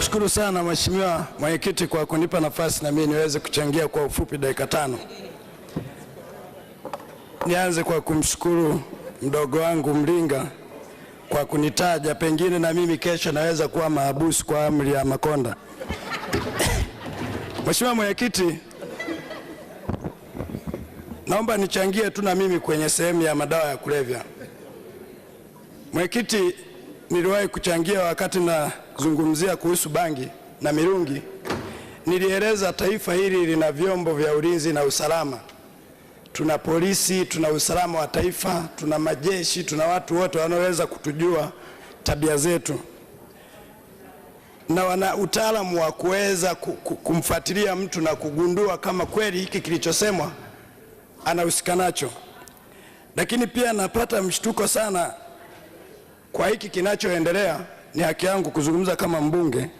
Nakushukuru sana Mheshimiwa Mwenyekiti kwa kunipa nafasi na mimi niweze kuchangia kwa ufupi dakika tano. Nianze kwa kumshukuru mdogo wangu Mlinga kwa kunitaja, pengine na mimi kesho naweza kuwa mahabusu kwa amri ya Makonda. Mheshimiwa Mwenyekiti, naomba nichangie tu na mimi kwenye sehemu ya madawa ya kulevya. Mwenyekiti, niliwahi kuchangia wakati na zungumzia kuhusu bangi na mirungi, nilieleza taifa hili lina vyombo vya ulinzi na usalama. Tuna polisi, tuna usalama wa taifa, tuna majeshi, tuna watu wote wanaoweza kutujua tabia zetu na wana utaalamu wa kuweza kumfuatilia mtu na kugundua kama kweli hiki kilichosemwa anahusika nacho. Lakini pia napata mshtuko sana kwa hiki kinachoendelea ni haki yangu kuzungumza kama mbunge.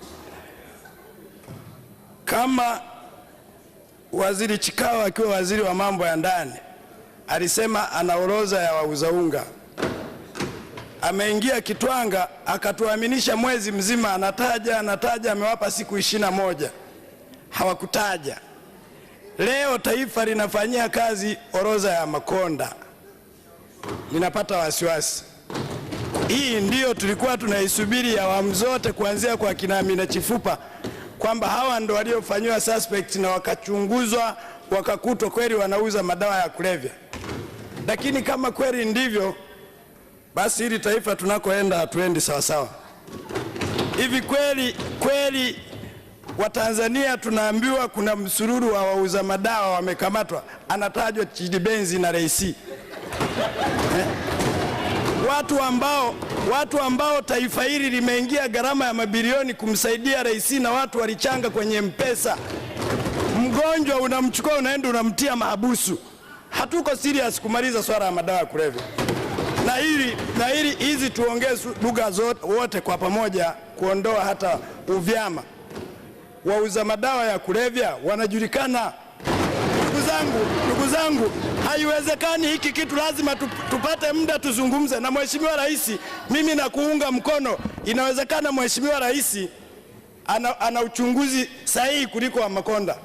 Kama waziri Chikao akiwa waziri wa mambo ya ndani alisema ana orodha ya wauza unga, ameingia Kitwanga akatuaminisha mwezi mzima, anataja anataja, amewapa siku ishirini na moja hawakutaja. Leo taifa linafanyia kazi orodha ya Makonda, ninapata wasiwasi hii ndiyo tulikuwa tunaisubiri awamu zote, kuanzia kwa kina Amina Chifupa kwamba hawa ndo waliofanyiwa suspect na wakachunguzwa wakakutwa kweli wanauza madawa ya kulevya. Lakini kama kweli ndivyo, basi hili taifa tunakoenda hatuendi sawasawa. Hivi kweli kweli Watanzania tunaambiwa kuna msururu wa wauza madawa wamekamatwa, anatajwa Chidi Benzi na Reisi watu ambao, watu ambao taifa hili limeingia gharama ya mabilioni kumsaidia rais na watu walichanga kwenye Mpesa. Mgonjwa unamchukua unaenda unamtia mahabusu. Hatuko serious kumaliza swala ya madawa ya kulevya na hili na hili, hizi tuongee lugha zote wote kwa pamoja, kuondoa hata uvyama. Wauza madawa ya kulevya wanajulikana zangu, ndugu zangu, haiwezekani hiki kitu, lazima tupate muda tuzungumze. Na mheshimiwa rais, mimi nakuunga mkono. Inawezekana mheshimiwa rais ana, ana uchunguzi sahihi kuliko wa Makonda.